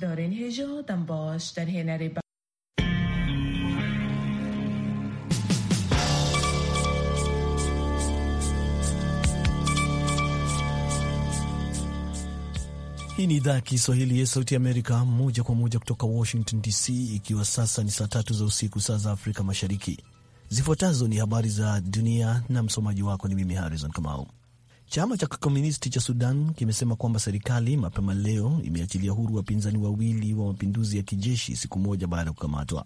Dörren Hüjo, den Bosch, den Henry Hii ni idhaa ya Kiswahili ya Sauti Amerika, moja kwa moja kutoka Washington DC, ikiwa sasa ni saa tatu za usiku, saa za Afrika Mashariki. Zifuatazo ni habari za dunia, na msomaji wako ni mimi Harrison Kamau. Chama cha Kikomunisti cha Sudan kimesema kwamba serikali mapema leo imeachilia huru wapinzani wawili wa mapinduzi ya kijeshi siku moja baada ya kukamatwa.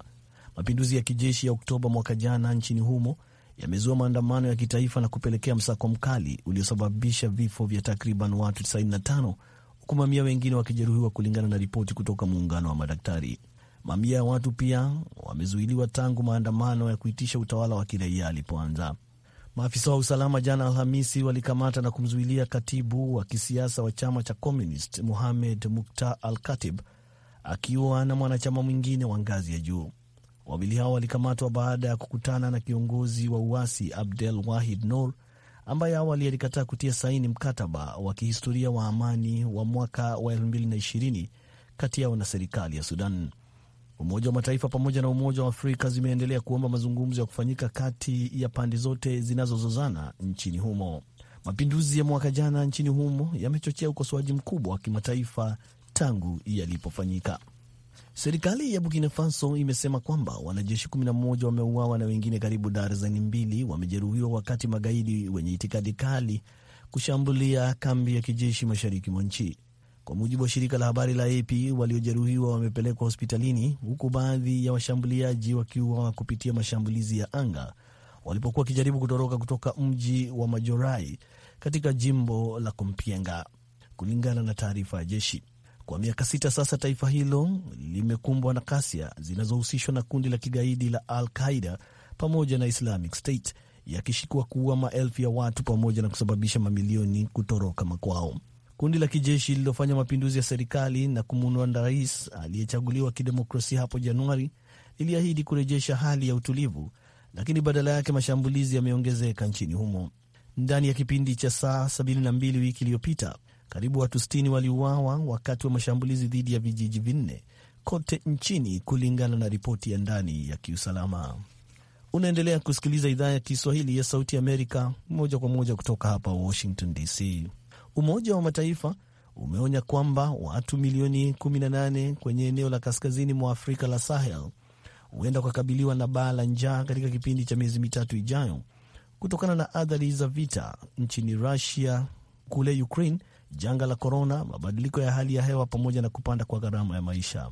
Mapinduzi ya kijeshi ya Oktoba mwaka jana nchini humo yamezua maandamano ya kitaifa na kupelekea msako mkali uliosababisha vifo vya takriban watu 95 huku mamia wengine wakijeruhiwa, kulingana na ripoti kutoka muungano wa madaktari. Mamia ya watu pia wamezuiliwa tangu maandamano ya kuitisha utawala wa kiraia alipoanza. Maafisa wa usalama jana Alhamisi walikamata na kumzuilia katibu wa kisiasa wa chama cha Communist Mohamed mukta al katib akiwa na mwanachama mwingine wa ngazi ya juu. Wawili hao walikamatwa baada ya kukutana na kiongozi wa uasi Abdel Wahid nor ambaye awali alikataa kutia saini mkataba wa kihistoria wa amani wa mwaka wa 2020 kati yao na serikali ya Sudan. Umoja wa Mataifa pamoja na Umoja wa Afrika zimeendelea kuomba mazungumzo ya kufanyika kati ya pande zote zinazozozana nchini humo. Mapinduzi ya mwaka jana nchini humo yamechochea ukosoaji mkubwa wa kimataifa tangu yalipofanyika. Serikali ya Burkina Faso imesema kwamba wanajeshi 11 wameuawa na wengine karibu darzeni mbili wamejeruhiwa wakati magaidi wenye itikadi kali kushambulia kambi ya kijeshi mashariki mwa nchi. Kwa mujibu wa shirika la habari la AP, waliojeruhiwa wamepelekwa hospitalini huku baadhi ya washambuliaji wakiuawa kupitia mashambulizi ya anga walipokuwa wakijaribu kutoroka kutoka mji wa Majorai katika jimbo la Kompienga, kulingana na taarifa ya jeshi. Kwa miaka sita sasa taifa hilo limekumbwa na kasia zinazohusishwa na kundi la kigaidi la Al Qaida pamoja na Islamic State yakishikwa kuua maelfu ya watu pamoja na kusababisha mamilioni kutoroka makwao. Kundi la kijeshi lililofanya mapinduzi ya serikali na kumuondoa rais aliyechaguliwa kidemokrasia hapo Januari liliahidi kurejesha hali ya utulivu, lakini badala yake mashambulizi yameongezeka nchini humo. Ndani ya kipindi cha saa 72 wiki iliyopita, karibu watu 60 waliuawa wakati wa mashambulizi dhidi ya vijiji vinne kote nchini, kulingana na ripoti ya ndani ya kiusalama. Unaendelea kusikiliza idhaa ya Kiswahili ya Sauti Amerika moja kwa moja kutoka hapa Washington DC. Umoja wa Mataifa umeonya kwamba watu milioni 18 kwenye eneo la kaskazini mwa Afrika la Sahel huenda kukabiliwa na baa la njaa katika kipindi cha miezi mitatu ijayo kutokana na athari za vita nchini Rusia, kule Ukraine, janga la korona, mabadiliko ya hali ya hewa pamoja na kupanda kwa gharama ya maisha.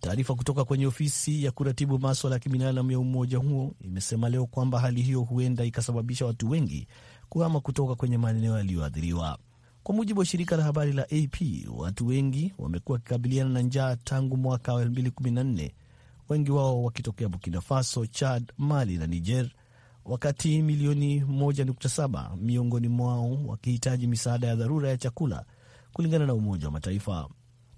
Taarifa kutoka kwenye ofisi ya kuratibu maswala ya kibinadamu ya umoja huo imesema leo kwamba hali hiyo huenda ikasababisha watu wengi kuhama kutoka kwenye maeneo yaliyoathiriwa. Kwa mujibu wa shirika la habari la AP, watu wengi wamekuwa wakikabiliana na njaa tangu mwaka wa 2014, wengi wao wakitokea Burkina Faso, Chad, Mali na Niger, wakati milioni 1.7 miongoni mwao wakihitaji misaada ya dharura ya chakula, kulingana na Umoja wa Mataifa.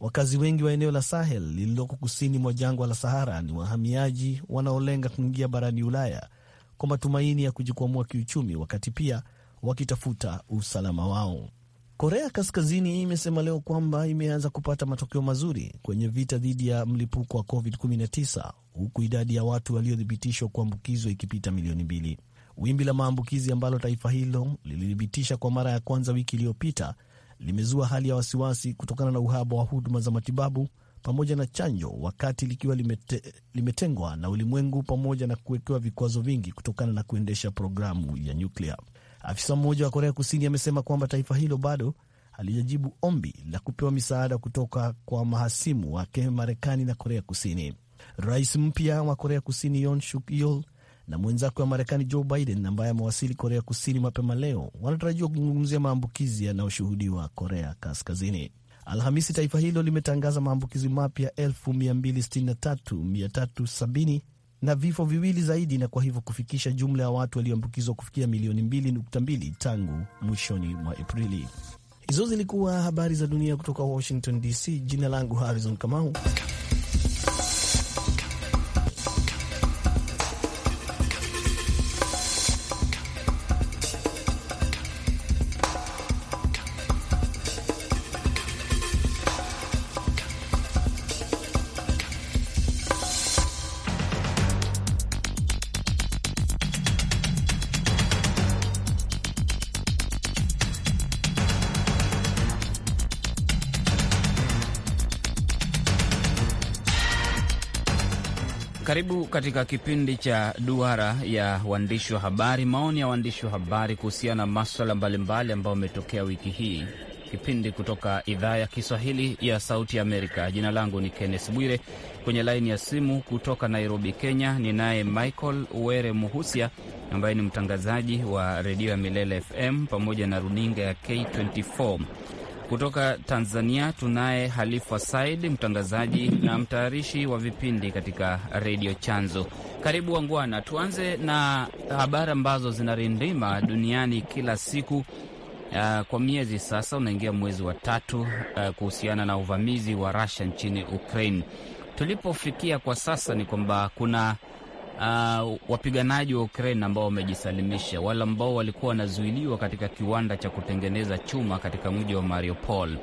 Wakazi wengi wa eneo la Sahel lililoko kusini mwa jangwa la Sahara ni wahamiaji wanaolenga kuingia barani Ulaya kwa matumaini ya kujikwamua kiuchumi, wakati pia wakitafuta usalama wao. Korea Kaskazini imesema leo kwamba imeanza kupata matokeo mazuri kwenye vita dhidi ya mlipuko wa COVID-19 huku idadi ya watu waliothibitishwa kuambukizwa ikipita milioni mbili. Wimbi la maambukizi ambalo taifa hilo lilithibitisha kwa mara ya kwanza wiki iliyopita limezua hali ya wasiwasi kutokana na uhaba wa huduma za matibabu pamoja na chanjo, wakati likiwa limete, limetengwa na ulimwengu pamoja na kuwekewa vikwazo vingi kutokana na kuendesha programu ya nyuklia. Afisa mmoja wa Korea Kusini amesema kwamba taifa hilo bado halijajibu ombi la kupewa misaada kutoka kwa mahasimu wake Marekani na Korea Kusini. Rais mpya wa Korea Kusini Yoon Suk Yeol na mwenzake wa Marekani Joe Biden ambaye amewasili Korea Kusini mapema leo wanatarajiwa kuzungumzia maambukizi yanayoshuhudiwa Korea Kaskazini. Alhamisi, taifa hilo limetangaza maambukizi mapya 263,370 na vifo viwili zaidi na kwa hivyo kufikisha jumla ya watu walioambukizwa kufikia milioni 2.2 tangu mwishoni mwa Aprili. Hizo zilikuwa habari za dunia kutoka Washington DC. Jina langu Harrison Kamau. katika kipindi cha duara ya waandishi wa habari, maoni ya waandishi wa habari kuhusiana na maswala mbalimbali ambayo ametokea wiki hii kipindi kutoka idhaa ya Kiswahili ya Sauti Amerika. Jina langu ni Kenneth Bwire. Kwenye laini ya simu kutoka Nairobi, Kenya, ninaye Michael Were Muhusia ambaye ni mtangazaji wa redio ya Milele FM pamoja na runinga ya K24. Kutoka Tanzania tunaye Halifa Said, mtangazaji na mtayarishi wa vipindi katika redio Chanzo. Karibu wangwana, tuanze na habari ambazo zinarindima duniani kila siku. Uh, kwa miezi sasa unaingia mwezi wa tatu, uh, kuhusiana na uvamizi wa Russia nchini Ukraine. Tulipofikia kwa sasa ni kwamba kuna uh, wapiganaji wa Ukraine ambao wamejisalimisha, wale ambao walikuwa wanazuiliwa katika kiwanda cha kutengeneza chuma katika mji wa Mariupol.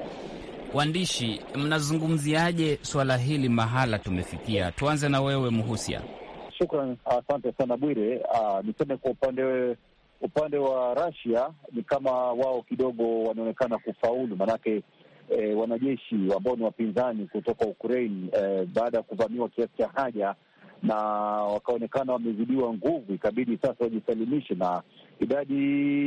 Waandishi, mnazungumziaje swala hili, mahala tumefikia? Tuanze na wewe Mhusia. Shukran, asante uh, sana Bwire. Uh, niseme kwa upande upande wa Russia ni kama wao kidogo wanaonekana kufaulu, maanake eh, wanajeshi ambao ni wapinzani kutoka Ukraine eh, baada ya kuvamiwa kiasi cha haja na wakaonekana wamezidiwa nguvu, ikabidi sasa wajisalimishe, na idadi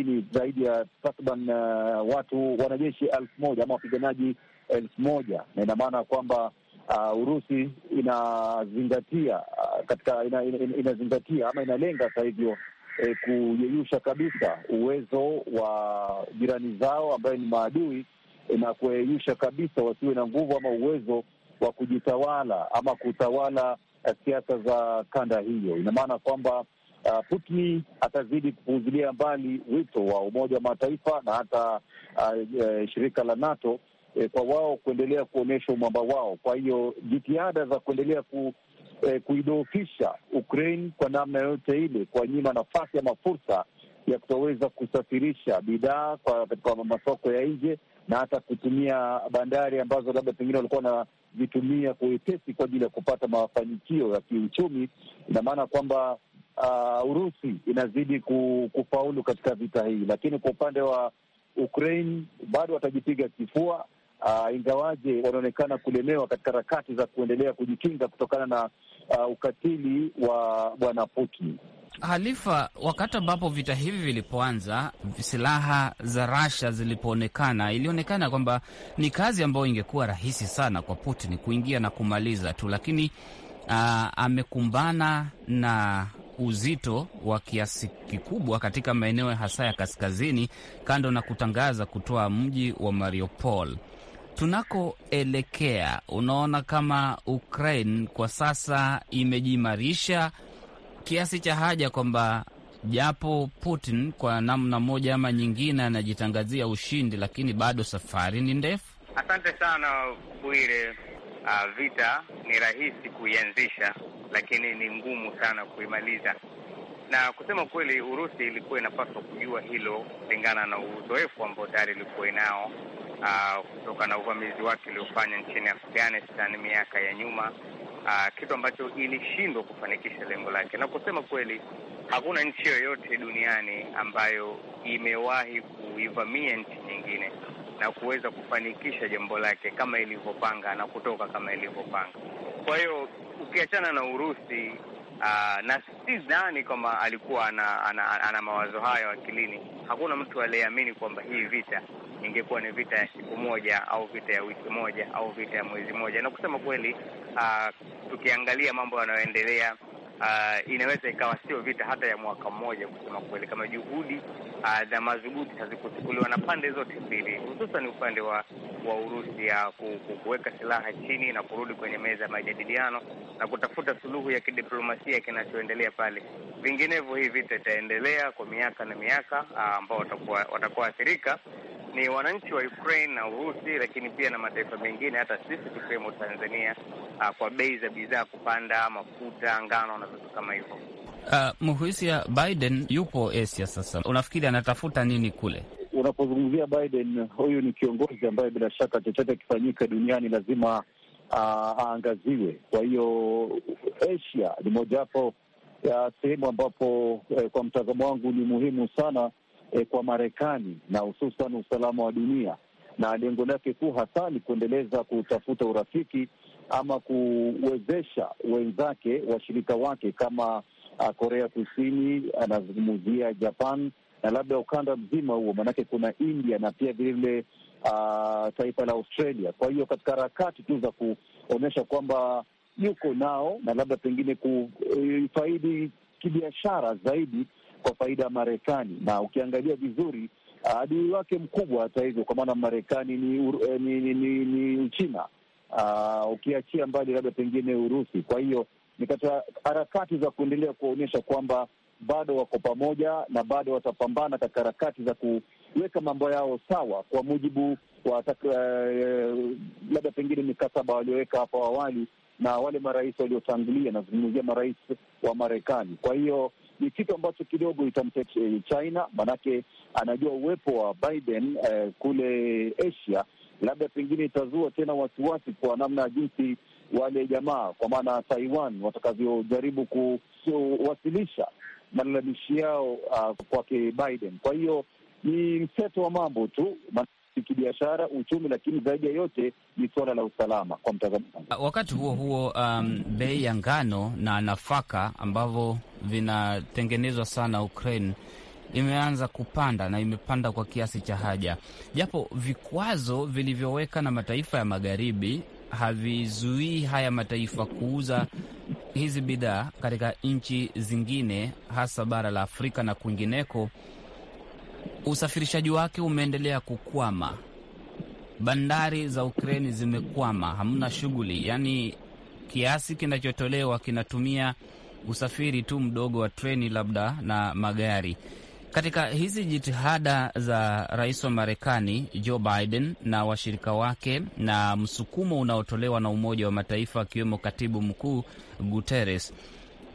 ni zaidi ya takriban uh, watu wanajeshi elfu moja ama wapiganaji elfu moja na ina maana kwamba Uh, Urusi inazingatia uh, katika ina, ina, ina, inazingatia ama inalenga sasa hivyo eh, kuyeyusha kabisa uwezo wa jirani zao ambayo ni maadui eh, na kuyeyusha kabisa wasiwe na nguvu ama uwezo wa kujitawala ama kutawala Eh, siasa za kanda hiyo. Ina maana kwamba uh, Putin atazidi kupuuzilia mbali wito wa Umoja wa Mataifa na hata uh, uh, shirika la NATO eh, kwa wao kuendelea kuonyesha umwamba wao. Kwa hiyo jitihada za kuendelea ku eh, kuidhoofisha Ukraine kwa namna yoyote ile, kwa nyima nafasi ama fursa ya kutoweza kusafirisha bidhaa katika masoko ya nje na hata kutumia bandari ambazo labda pengine walikuwa wanazitumia kwa wepesi kwa ajili ya kupata mafanikio ya kiuchumi. Ina maana kwamba uh, Urusi inazidi kufaulu katika vita hii, lakini kwa upande wa Ukraine bado watajipiga kifua. Uh, ingawaje wanaonekana kulemewa katika harakati za kuendelea kujikinga kutokana na uh, ukatili wa bwana Putin. Halifa, wakati ambapo vita hivi vilipoanza, silaha za Russia zilipoonekana, ilionekana kwamba ni kazi ambayo ingekuwa rahisi sana kwa Putin kuingia na kumaliza tu, lakini uh, amekumbana na uzito wa kiasi kikubwa katika maeneo hasa ya kaskazini, kando na kutangaza kutoa mji wa Mariupol. Tunakoelekea unaona kama Ukraine kwa sasa imejiimarisha kiasi cha haja kwamba japo Putin kwa namna moja ama nyingine anajitangazia ushindi, lakini bado safari ni ndefu. Asante sana Bwire. Uh, vita ni rahisi kuianzisha, lakini ni ngumu sana kuimaliza. Na kusema kweli, Urusi ilikuwa inapaswa kujua hilo kulingana na uzoefu ambao tayari ilikuwa inao uh, kutoka na uvamizi wake uliofanya nchini Afghanistan miaka ya nyuma uh, kitu ambacho ilishindwa kufanikisha lengo lake, na kusema kweli hakuna nchi yoyote duniani ambayo imewahi kuivamia nchi nyingine na kuweza kufanikisha jambo lake kama ilivyopanga na kutoka kama ilivyopanga. Kwa hiyo ukiachana na Urusi uh, na sidhani kwamba alikuwa ana, ana, ana mawazo hayo akilini. Hakuna mtu aliyeamini kwamba hii vita ingekuwa ni vita ya siku moja au vita ya wiki moja au vita ya mwezi moja. Na kusema kweli, uh, tukiangalia mambo yanayoendelea Uh, inaweza ikawa sio vita hata ya mwaka mmoja, kusema kweli, kama juhudi uh, za madhubuti hazikuchukuliwa na pande zote mbili, hususan upande wa wa Urusi ya kuweka silaha chini na kurudi kwenye meza ya majadiliano na kutafuta suluhu ya kidiplomasia kinachoendelea pale. Vinginevyo hii vita itaendelea kwa miaka na miaka, ambao uh, watakuwa waathirika ni wananchi wa Ukraine na Urusi, lakini pia na mataifa mengine, hata sisi tukiwemo Tanzania, ah, kwa bei za bidhaa kupanda, mafuta, ngano na vitu kama hivyo. Uh, Muhisia, Biden yupo Asia sasa, unafikiri anatafuta nini kule? Unapozungumzia Biden, huyu ni kiongozi ambaye bila shaka chochote akifanyika duniani lazima ah, aangaziwe. kwa hiyo Asia ni mojawapo ya sehemu ambapo eh, kwa mtazamo wangu ni muhimu sana e, kwa Marekani na hususan usalama wa dunia, na lengo lake kuu hasa ni kuendeleza kutafuta urafiki ama kuwezesha wenzake washirika wake kama a, ah, Korea Kusini, anazungumzia Japan na labda ukanda mzima huo, maanake kuna India na pia vilevile Uh, ah, taifa la Australia. Kwa hiyo katika harakati tu za kuonyesha kwamba yuko nao na labda pengine kufaidi kibiashara zaidi kwa faida ya Marekani, na ukiangalia vizuri ah, adui wake mkubwa, hata hivyo, kwa maana Marekani ni, eh, ni, ni, ni, ni Uchina, ah, ukiachia mbali labda pengine Urusi. Kwa hiyo ni katika harakati za kuendelea kuwaonyesha kwamba bado wako pamoja na bado watapambana katika harakati za kuweka mambo yao sawa kwa mujibu wa uh, labda pengine mikataba walioweka hapo awali na wale marais waliotangulia, nazungumzia marais wa Marekani. Kwa hiyo ni kitu ambacho kidogo itamtetea eh, China, maanake anajua uwepo wa Biden eh, kule Asia, labda pengine itazua tena wasiwasi kwa namna ya jinsi wale jamaa kwa maana Taiwan watakavyojaribu kuwasilisha malalamishi yao uh, kwake Biden. Kwa hiyo ni mseto wa mambo tu kibiashara, uchumi, lakini zaidi ya yote ni suala la usalama kwa mtazamo. Wakati huo huo, um, bei ya ngano na nafaka ambavyo vinatengenezwa sana Ukraine imeanza kupanda na imepanda kwa kiasi cha haja, japo vikwazo vilivyoweka na mataifa ya magharibi havizuii haya mataifa kuuza hizi bidhaa katika nchi zingine, hasa bara la Afrika na kwingineko. Usafirishaji wake umeendelea kukwama, bandari za Ukraini zimekwama, hamna shughuli. Yaani kiasi kinachotolewa kinatumia usafiri tu mdogo wa treni labda na magari. Katika hizi jitihada za rais wa Marekani Joe Biden na washirika wake na msukumo unaotolewa na Umoja wa Mataifa akiwemo katibu mkuu Guterres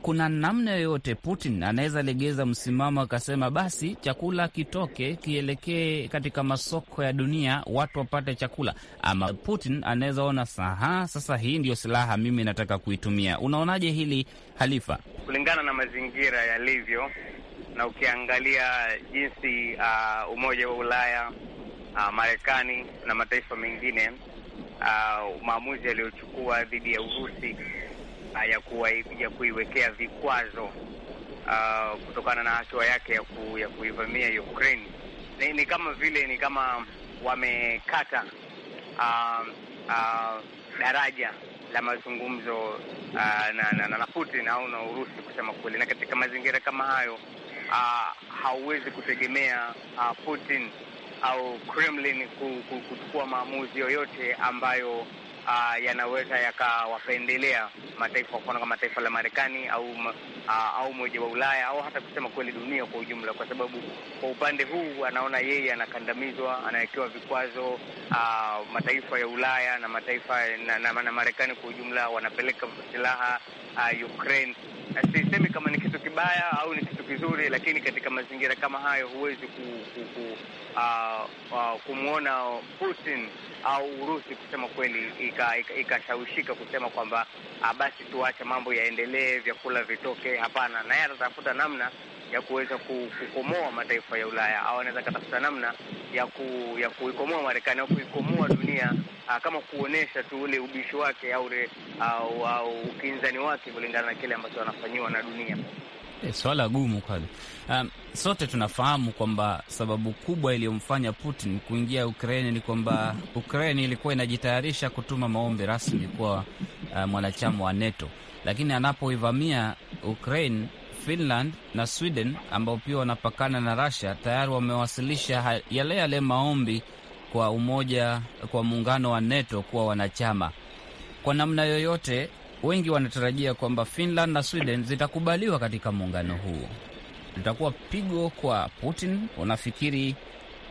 kuna namna yoyote Putin anaweza legeza msimamo akasema, basi chakula kitoke kielekee katika masoko ya dunia, watu wapate chakula? Ama Putin anaweza ona saha, sasa hii ndiyo silaha mimi nataka kuitumia. Unaonaje hili Halifa, kulingana na mazingira yalivyo na ukiangalia jinsi uh, Umoja wa Ulaya uh, Marekani na mataifa mengine uh, maamuzi yaliyochukua dhidi ya Urusi Uh, ya, kuwa, ya kuiwekea vikwazo uh, kutokana na hatua yake ya, ku, ya kuivamia Ukraine. Ni, ni kama vile ni kama wamekata uh, uh, daraja la mazungumzo uh, na, na, na Putin au na Urusi kusema kweli, na katika mazingira kama hayo uh, hauwezi kutegemea uh, Putin au Kremlin kuchukua maamuzi yoyote ambayo uh, yanaweza yakawapendelea mataifa, kwa mfano kama taifa la Marekani au uh, au umoja wa Ulaya au hata kusema kweli dunia kwa ujumla, kwa sababu kwa upande huu anaona yeye anakandamizwa, anawekewa vikwazo uh, mataifa ya Ulaya na mataifa na, na, na Marekani kwa ujumla wanapeleka silaha uh, Ukraine Sisemi kama ni kitu kibaya au ni kitu kizuri, lakini katika mazingira kama hayo huwezi ku, ku, ku, uh, ah, uh, ah, kumwona Putin au Urusi kusema kweli ikashawishika ika, ika kusema kwamba ah, basi tuache mambo yaendelee, vyakula vitoke. Hapana, naye atatafuta namna ya kuweza kukomoa mataifa ya Ulaya au anaweza katafuta namna ya ku, ya kuikomoa Marekani au kuikomoa dunia uh, kama kuonesha tu ule ubishi wake au ule au, ukinzani wake kulingana na kile ambacho anafanyiwa na dunia. E, swala gumu kwani. Um, sote tunafahamu kwamba sababu kubwa iliyomfanya Putin kuingia Ukraine ni kwamba Ukraine ilikuwa inajitayarisha kutuma maombi rasmi kuwa uh, mwanachama wa NATO, lakini anapoivamia Ukraine Finland na Sweden ambao pia wanapakana na Russia tayari wamewasilisha yale yale maombi kwa umoja kwa muungano wa NATO kuwa wanachama. Kwa namna yoyote, wengi wanatarajia kwamba Finland na Sweden zitakubaliwa katika muungano huu. Litakuwa pigo kwa Putin. Unafikiri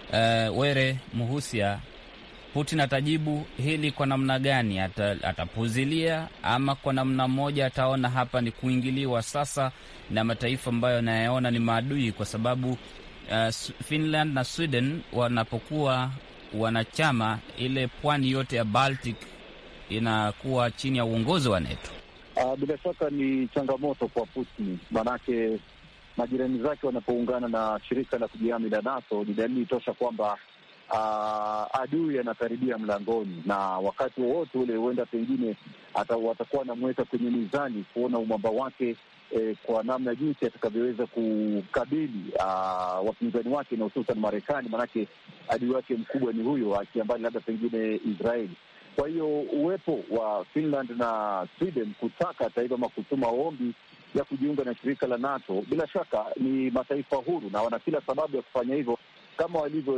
uh, Were Muhusia Putin atajibu hili kwa namna gani? Atapuzilia ama kwa namna moja ataona hapa ni kuingiliwa sasa na mataifa ambayo anayaona ni maadui, kwa sababu uh, Finland na Sweden wanapokuwa wanachama, ile pwani yote ya Baltic inakuwa chini ya uongozi wa NATO. Uh, bila shaka ni changamoto kwa Putin, maanake majirani zake wanapoungana na shirika la kujihami la NATO ni dalili tosha kwamba uh, adui anakaribia mlangoni, na wakati wowote ule huenda pengine watakuwa wanamweka kwenye mizani kuona umwamba wake eh, kwa namna jinsi atakavyoweza kukabili uh, wapinzani wake na hususan Marekani, maanake adui wake mkubwa ni huyo, akiambali labda pengine Israeli. Kwa hiyo uwepo wa Finland na Sweden kutaka taiva ama ombi ya kujiunga na shirika la NATO, bila shaka ni mataifa huru na wana kila sababu ya kufanya hivyo, kama walivyo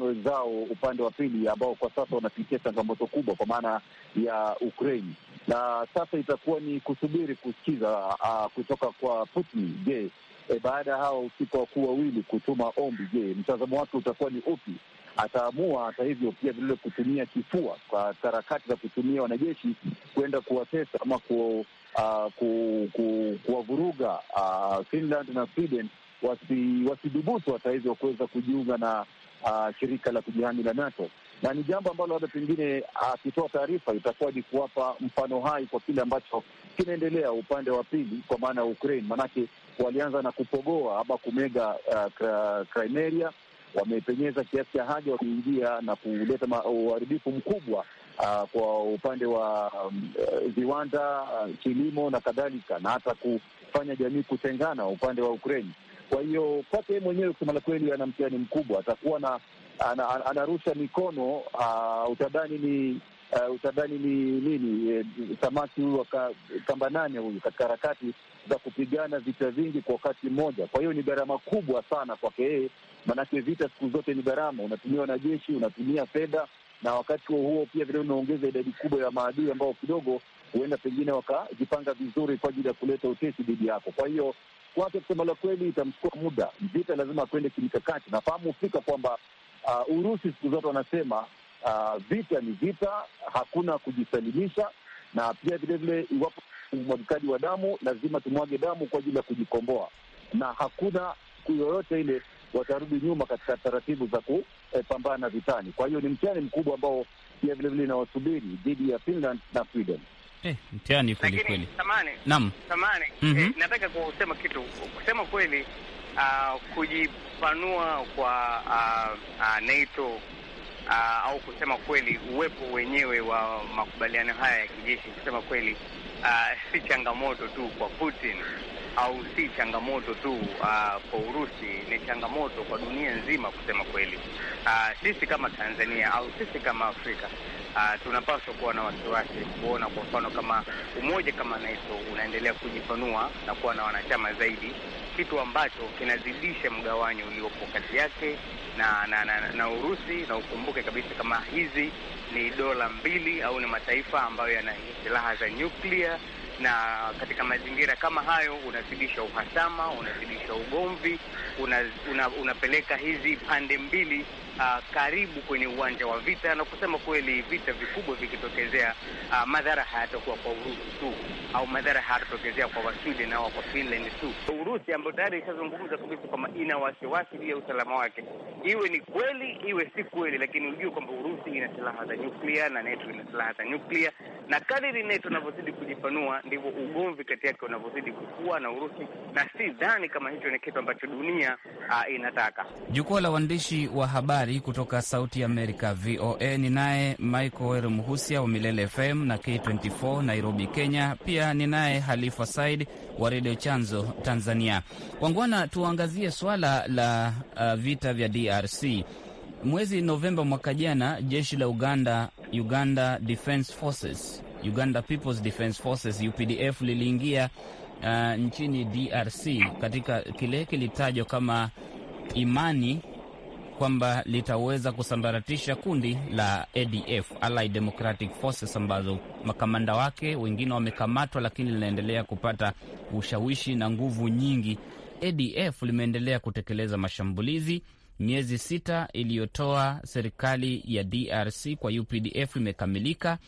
wenzao upande wa pili ambao kwa sasa wanapitia changamoto kubwa kwa maana ya ukrain Na sasa itakuwa ni kusubiri kusikiza uh, kutoka kwa Putin. Je, e, baada ya hawa usiku wakuu wawili kutuma ombi, je, mtazamo wake utakuwa ni upi? Ataamua hata hivyo pia vilevile kutumia kifua kwa harakati za kutumia wanajeshi kuenda kuwatesa ama ku, uh, ku, ku, kuwavuruga uh, Finland na Sweden wasidhubutu wasi hata hivyo kuweza kujiunga na uh, shirika la kujihami la NATO, na ni jambo ambalo labda pengine ah, akitoa uh, taarifa itakuwa ni kuwapa mfano hai kwa kile ambacho kinaendelea upande wa pili, kwa maana ya Ukraine. Maanake walianza na kupogoa ama kumega uh, wamepenyeza kiasi cha haja, wameingia na kuleta uharibifu mkubwa uh, kwa upande wa um, viwanda, uh, kilimo na kadhalika, na hata kufanya jamii kutengana upande wa Ukraine. Kwa hiyo kwake mwenyewe kusema la kweli, ana mtihani mkubwa, atakuwa na anarusha ana mikono uh, utadhani ni uh, utadhani ni nini eh, samaki huyu waka kamba nane huyu katika harakati za kupigana vita vingi kwa wakati mmoja. Kwa hiyo ni gharama kubwa sana kwake yeye, maanake vita siku zote ni gharama, unatumia wanajeshi, unatumia fedha, na wakati huo huo pia vile unaongeza idadi kubwa ya maadui ambao kidogo huenda pengine wakajipanga vizuri kwa ajili ya kuleta utesi dhidi yako. Kwa hiyo kwake, kusema la kweli, itamchukua muda. Vita lazima kwende kimkakati. Nafahamu hufika kwamba uh, Urusi siku zote wanasema uh, vita ni vita, hakuna kujisalimisha, na pia vilevile, iwapo umwagikaji wa damu, lazima tumwage damu kwa ajili ya kujikomboa, na hakuna yoyote ile watarudi nyuma katika taratibu za kupambana eh, vitani. Kwa hiyo ni mtihani mkubwa ambao pia vilevile inawasubiri dhidi ya Finland na Sweden eh, mtihani kweli kweli. Naam, samani, mhm. eh, nataka kusema kitu. Kusema kweli, uh, kujipanua kwa uh, uh, NATO Uh, au kusema kweli uwepo wenyewe wa makubaliano haya ya kijeshi, kusema kweli uh, si changamoto tu kwa Putin au si changamoto tu uh, kwa Urusi, ni changamoto kwa dunia nzima kusema kweli. Uh, sisi kama Tanzania au sisi kama Afrika uh, tunapaswa kuwa na wasiwasi kuona kwa mfano kama umoja kama NATO unaendelea kujipanua na kuwa na wanachama zaidi, kitu ambacho kinazidisha mgawanyo uliopo kati yake na na, na, na Urusi. Na ukumbuke kabisa kama hizi ni dola mbili au ni mataifa ambayo yana silaha za nyuklia, na katika mazingira kama hayo unazidisha uhasama, unazidisha ugomvi, una, una, unapeleka hizi pande mbili uh, karibu kwenye uwanja wa vita, na kusema kweli, vita vikubwa vikitokezea, uh, madhara hayatakuwa kwa Urusi tu au madhara hayatatokezea kwa Wasweden au kwa Finland tu. Urusi ambayo tayari ishazungumza kabisa kwamba ina wasiwasi juu ya usalama wake, iwe ni kweli iwe si kweli, lakini ujue kwamba Urusi ina silaha za nyuklia na NATO ina silaha za nyuklia, na kadiri NATO inavyozidi kujipanua ndivyo ugomvi kati yake unavyozidi kukua na Urusi, na si dhani kama hicho ni kitu ambacho dunia uh, inataka. Jukwaa la waandishi wa habari habari kutoka Sauti ya Amerika VOA. ni naye Michael Mhusia wa Milele FM na K24 Nairobi, Kenya. Pia ninaye Halifa Said wa Redio Chanzo Tanzania. Wangwana, tuangazie swala la uh, vita vya DRC. Mwezi Novemba mwaka jana, jeshi la Uganda, Uganda Defence Forces, Uganda People's Defence Forces UPDF liliingia uh, nchini DRC katika kile kilitajwa kama imani kwamba litaweza kusambaratisha kundi la ADF, Allied Democratic Forces, ambazo makamanda wake wengine wamekamatwa, lakini linaendelea kupata ushawishi na nguvu nyingi. ADF limeendelea kutekeleza mashambulizi miezi sita iliyotoa serikali ya DRC kwa UPDF imekamilika.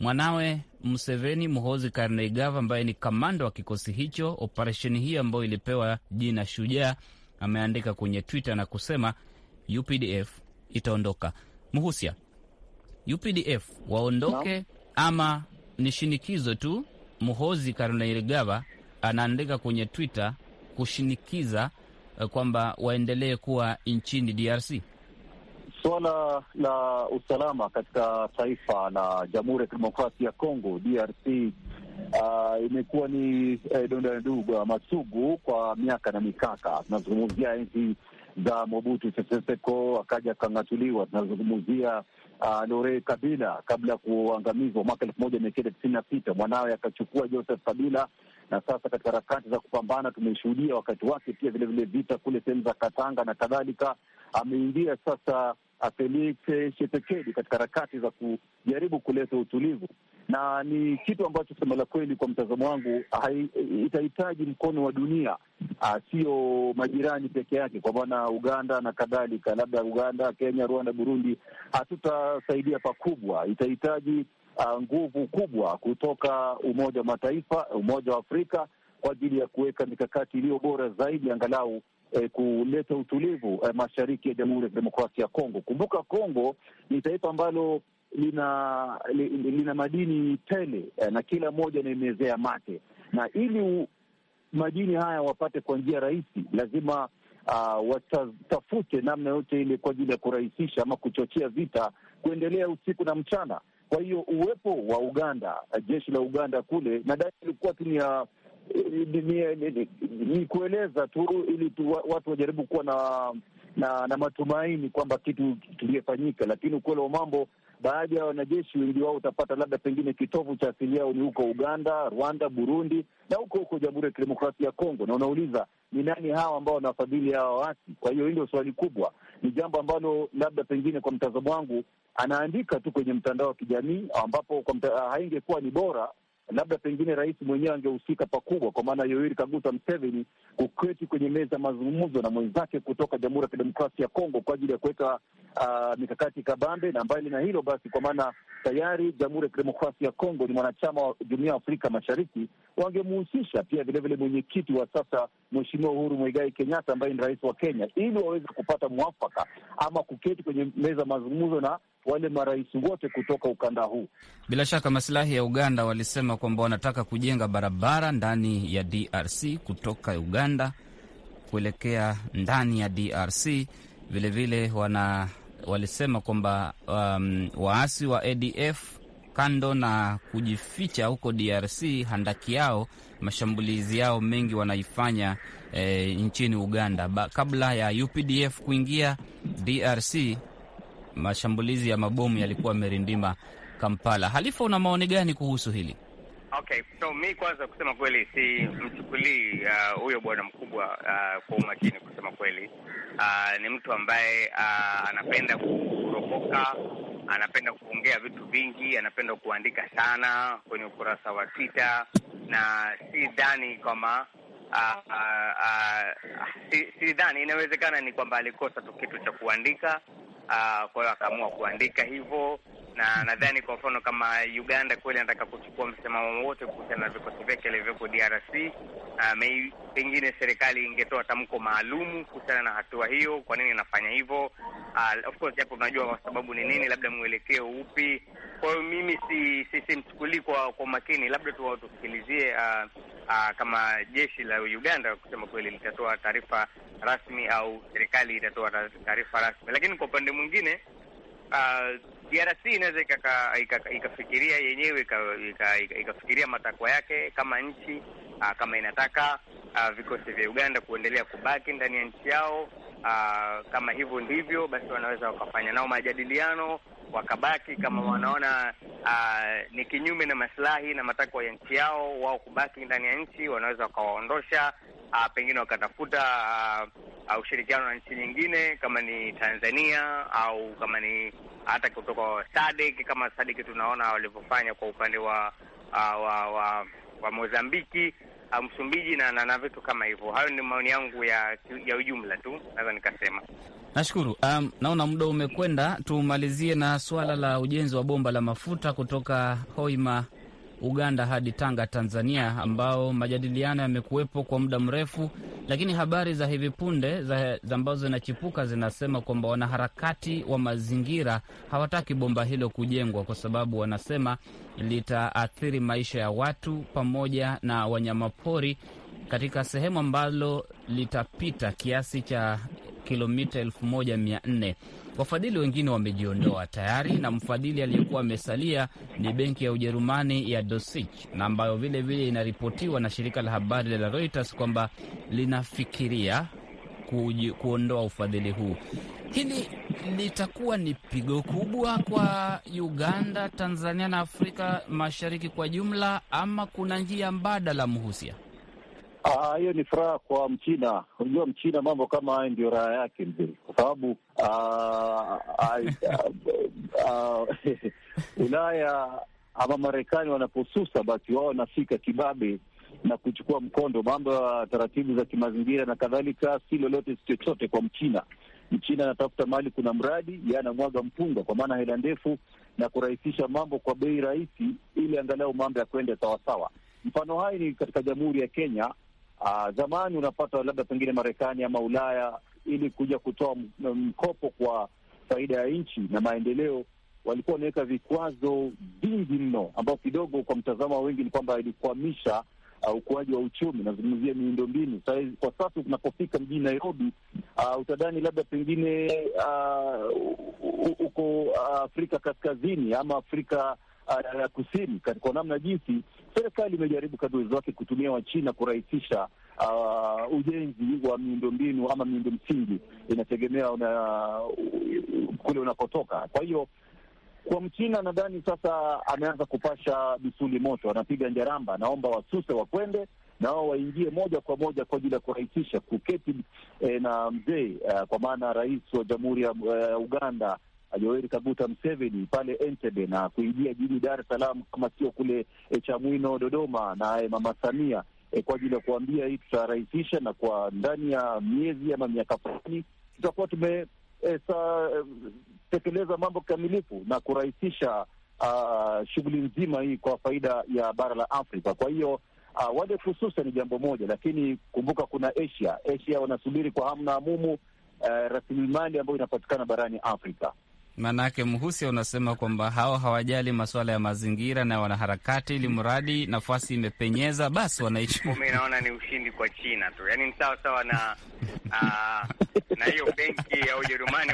Mwanawe Museveni, Muhozi Kainerugaba, ambaye ni kamanda wa kikosi hicho, operesheni hiyo ambayo ilipewa jina Shujaa, ameandika kwenye Twitter na kusema UPDF itaondoka. Muhusia, UPDF waondoke no? ama ni shinikizo tu? Muhozi Kainerugaba anaandika kwenye Twitter kushinikiza eh, kwamba waendelee kuwa nchini DRC. Suala la usalama katika taifa la Jamhuri ya Kidemokrasia ya Kongo DRC Uh, ah, imekuwa ni eh, donda ndugu masugu kwa miaka na mikaka. Tunazungumzia enzi za Mobutu Sese Seko akaja akang'atuliwa. Tunazungumzia uh, Lore Kabila kabla ya kuangamizwa mwaka elfu moja mia kenda tisini na sita mwanawe akachukua Joseph Kabila na sasa katika harakati za kupambana tumeshuhudia wakati wake pia vilevile vita kule sehemu za Katanga na kadhalika. Ameingia sasa uh, Felix eh, Tshisekedi katika harakati za kujaribu kuleta utulivu na ni kitu ambacho sema la kweli, kwa mtazamo wangu, itahitaji mkono wa dunia, ah, sio majirani peke yake, kwa maana Uganda na kadhalika, labda Uganda, Kenya, Rwanda, Burundi hatutasaidia pakubwa. Itahitaji ah, nguvu kubwa kutoka Umoja wa Mataifa, Umoja wa Afrika kwa ajili ya kuweka mikakati iliyo bora zaidi angalau E, kuleta utulivu e, mashariki ya Jamhuri ya Kidemokrasia ya Kongo. Kumbuka Kongo ni taifa ambalo lina lina madini tele eh, na kila moja naimezea mate, na ili madini haya wapate kwa njia rahisi, lazima uh, watafute namna yote ile kwa ajili ya kurahisisha ama kuchochea vita kuendelea usiku na mchana. Kwa hiyo uwepo wa Uganda, eh, jeshi la Uganda kule, nadhani ilikuwa tu ni ya ni kueleza tu ili tu watu wajaribu kuwa na na, na matumaini kwamba kitu kiliyefanyika, lakini ukweli wa mambo baadhi ya wanajeshi wengi wao utapata labda pengine kitovu cha asili yao ni huko Uganda, Rwanda, Burundi na huko huko Jamhuri ya Kidemokrasia ya Kongo, na unauliza ni nani hawa ambao wanawafadhili hawa waasi? Kwa hiyo hili ndio swali kubwa, ni jambo ambalo labda pengine kwa mtazamo wangu anaandika tu kwenye mtandao wa kijamii ambapo haingekuwa ni bora labda pengine rais mwenyewe angehusika pakubwa, kwa maana Yoweri Kaguta Museveni kuketi kwenye meza mazungumzo na mwenzake kutoka Jamhuri ya Kidemokrasia ya Kongo kwa ajili ya kuweka uh, mikakati kabambe. Na mbali na hilo basi, kwa maana tayari Jamhuri ya Kidemokrasia ya Kongo ni mwanachama wa Jumuiya ya Afrika Mashariki, wangemhusisha pia vilevile mwenyekiti wa sasa Mheshimiwa Uhuru Mwigai Kenyatta ambaye ni rais wa Kenya, ili waweze kupata mwafaka ama kuketi kwenye meza mazungumzo na wale marais wote kutoka ukanda huu. Bila shaka masilahi ya Uganda, walisema kwamba wanataka kujenga barabara ndani ya DRC kutoka Uganda kuelekea ndani ya DRC. Vilevile vile wana walisema kwamba um, waasi wa ADF kando na kujificha huko DRC, handaki yao, mashambulizi yao mengi wanaifanya e, nchini Uganda ba, kabla ya UPDF kuingia DRC mashambulizi ya mabomu yalikuwa merindima Kampala. Halifa, una maoni gani kuhusu hili? Okay, so mi kwanza kusema kweli si mchukulii uh, huyo uh, bwana mkubwa uh, kwa umakini. Kusema kweli uh, ni mtu ambaye uh, anapenda kuropoka, anapenda kuongea vitu vingi, anapenda kuandika sana kwenye ukurasa wa Twitter, na si dhani kwamba uh, uh, uh, si, si dhani, inawezekana ni kwamba alikosa tu kitu cha kuandika Ah, kwa hiyo akaamua kuandika hivyo, na nadhani kwa mfano kama Uganda kweli anataka kuchukua msimamo wote kuhusiana na vikosi vyake vilivyoko DRC, ah, pengine serikali ingetoa tamko maalumu kuhusiana na hatua hiyo, kwa nini inafanya hivyo. Ah, of course japo unajua kwa sababu ni nini, labda mwelekeo upi. Kwa hiyo mimi si simchukulii si kwa kwa makini, labda tu tusikilizie kama jeshi la Uganda kusema kweli litatoa taarifa rasmi au serikali itatoa taarifa rasmi, lakini kwa upande mwingine ah, DRC uh, inaweza ikafikiria yenyewe ikafikiria matakwa yake kama nchi uh, kama inataka uh, vikosi vya Uganda kuendelea kubaki ndani ya nchi yao uh, kama hivyo ndivyo basi wanaweza wakafanya nao majadiliano wakabaki kama wanaona uh, ni kinyume na maslahi na matakwa ya nchi yao wao kubaki ndani ya nchi, wanaweza wakawaondosha uh, pengine wakatafuta uh, ushirikiano na nchi nyingine kama ni Tanzania au kama ni hata kutoka SADC kama SADC tunaona walivyofanya kwa upande wa uh, wa, wa, wa Mozambiki Msumbiji na, na, na vitu kama hivyo. Hayo ni maoni yangu ya, ya ujumla tu naweza nikasema. Nashukuru. Um, naona muda umekwenda, tumalizie na swala la ujenzi wa bomba la mafuta kutoka Hoima Uganda hadi Tanga, Tanzania, ambao majadiliano yamekuwepo kwa muda mrefu, lakini habari za hivi punde za ambazo zinachipuka zinasema kwamba wanaharakati wa mazingira hawataki bomba hilo kujengwa kwa sababu wanasema litaathiri maisha ya watu pamoja na wanyamapori katika sehemu ambalo litapita kiasi cha kilomita elfu moja mia nne. Wafadhili wengine wamejiondoa tayari na mfadhili aliyekuwa amesalia ni benki ya Ujerumani ya Dosich, na ambayo vilevile inaripotiwa na shirika la habari la Reuters kwamba linafikiria kuondoa ufadhili huu. Hili litakuwa ni pigo kubwa kwa Uganda, Tanzania na Afrika Mashariki kwa jumla, ama kuna njia mbadala mhusia? Ah, hiyo ni furaha kwa Mchina. Unajua Mchina mambo kama haya ndio raha yake mzee, kwa sababu ah, ah, Ulaya ama Marekani wanaposusa basi wao wanafika kibabe na kuchukua mkondo, mambo ya taratibu za kimazingira na kadhalika, si lolote si chochote kwa Mchina. Mchina anatafuta mali, kuna mradi ye anamwaga mpunga, kwa maana hela ndefu na kurahisisha mambo kwa bei rahisi, ili angalau mambo ya kwenda sawasawa. Mfano hai ni katika Jamhuri ya Kenya Aa, ah, zamani unapata labda pengine Marekani ama Ulaya ili kuja kutoa mkopo kwa faida ya nchi na maendeleo, walikuwa wanaweka vikwazo vingi mno, ambao kidogo kwa mtazamo wa wengi ni kwamba ilikwamisha uh, ukuaji wa uchumi. Nazungumzia mbinu Kwa sasa unapofika mjini Nairobi, uh, utadhani labda pengine uh, uko Afrika Kaskazini ama Afrika ya ah, kusini katika namna jinsi serikali imejaribu kadri uwezo wake kutumia Wachina kurahisisha uh, ujenzi wa miundombinu ama miundo msingi, inategemea una, uh, kule unapotoka Kwa hiyo kwa Mchina nadhani sasa ameanza kupasha misuli moto, anapiga njaramba, naomba wasuse wakwende na wao waingie moja kwa moja kwa ajili ya kurahisisha kuketi e, na mzee uh, kwa maana rais wa jamhuri ya uh, Uganda Joeli Kaguta Mseveni pale Entebbe na kuingia jijini Dar es Salaam kama sio kule e, Chamwino Dodoma, naye Mama Samia e, kwa ajili ya kuambia hii tutarahisisha, na kwa ndani ya miezi ama miaka fulani tutakuwa tumetekeleza e, e mambo kikamilifu na kurahisisha shughuli nzima hii kwa faida ya bara la Afrika. Kwa hiyo wale hususa ni jambo moja, lakini kumbuka kuna Asia. Asia wanasubiri kwa hamu na hamumu Uh, rasilimali ambayo inapatikana barani Afrika. Maanake Mhusia unasema kwamba hao hawajali masuala ya mazingira na wanaharakati, ili mradi nafasi imepenyeza basi wanaichukua. naona ni ushindi kwa China tu, yaani ni sawa sawa na uh, na hiyo benki ya Ujerumani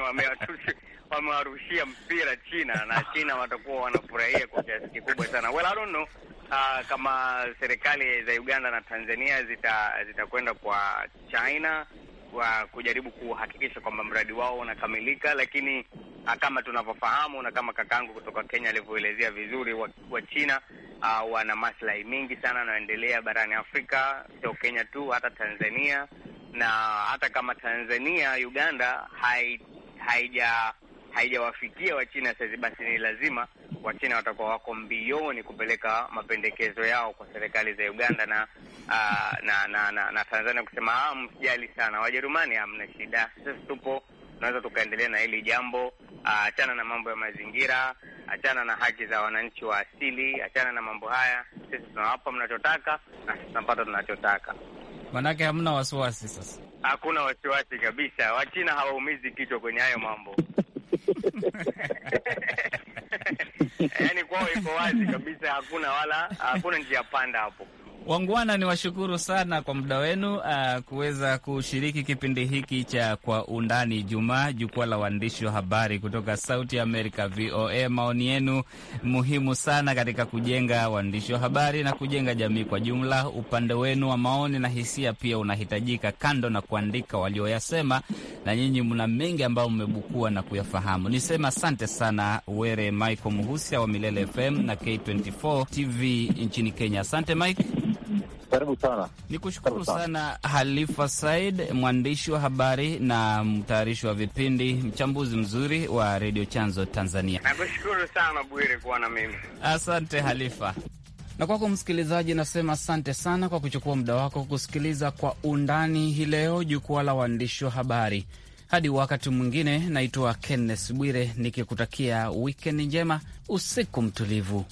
wamewarushia mpira China na China watakuwa wanafurahia kwa kiasi kikubwa sana. Well, I don't know uh, kama serikali za Uganda na Tanzania zitakwenda zita kwa China wa kujaribu kuhakikisha kwamba mradi wao unakamilika, lakini ah, kama tunavyofahamu na kama kakangu kutoka Kenya alivyoelezea vizuri, wa, wa China uh, wana maslahi mengi sana wanaendelea barani Afrika, sio Kenya tu, hata Tanzania na hata kama Tanzania Uganda hai haija haijawafikia Wachina saizi, basi ni lazima Wachina watakuwa wako mbioni kupeleka mapendekezo yao kwa serikali za Uganda na uh, na, na, na, na Tanzania kusema ah, msijali sana Wajerumani, hamna shida, sisi tupo, tunaweza tukaendelea na hili jambo. Ah, achana na mambo ya mazingira, achana na haki za wananchi wa asili, achana na mambo haya. Sisi tunawapa mnachotaka na tunapata tunachotaka. Manake hamna wasiwasi sasa, hakuna wasiwasi kabisa. Wachina hawaumizi kichwa kwenye hayo mambo. yaani kwao iko wazi kabisa, hakuna wala hakuna njia panda hapo. Wangwana, ni washukuru sana kwa muda wenu uh, kuweza kushiriki kipindi hiki cha Kwa Undani Jumaa, jukwaa la waandishi wa habari kutoka Sauti ya Amerika, VOA. Maoni yenu muhimu sana katika kujenga waandishi wa habari na kujenga jamii kwa jumla. Upande wenu wa maoni na hisia pia unahitajika, kando na kuandika walioyasema, na nyinyi mna mengi ambayo mmebukua na kuyafahamu. Nisema asante sana Were Michael Muhusia wa Milele FM na K24 TV nchini Kenya. Asante Mike. Karibu sana. Ni kushukuru sana, sana Halifa Said, mwandishi wa habari na mtayarishi wa vipindi, mchambuzi mzuri wa Redio Chanzo Tanzania. Nakushukuru sana Bwire kuwa na mimi. Asante Halifa na kwako msikilizaji, nasema asante sana kwa kuchukua muda wako kusikiliza kwa undani hii leo, jukwaa la waandishi wa habari. Hadi wakati mwingine, naitwa Kenneth Bwire nikikutakia wikendi njema, usiku mtulivu.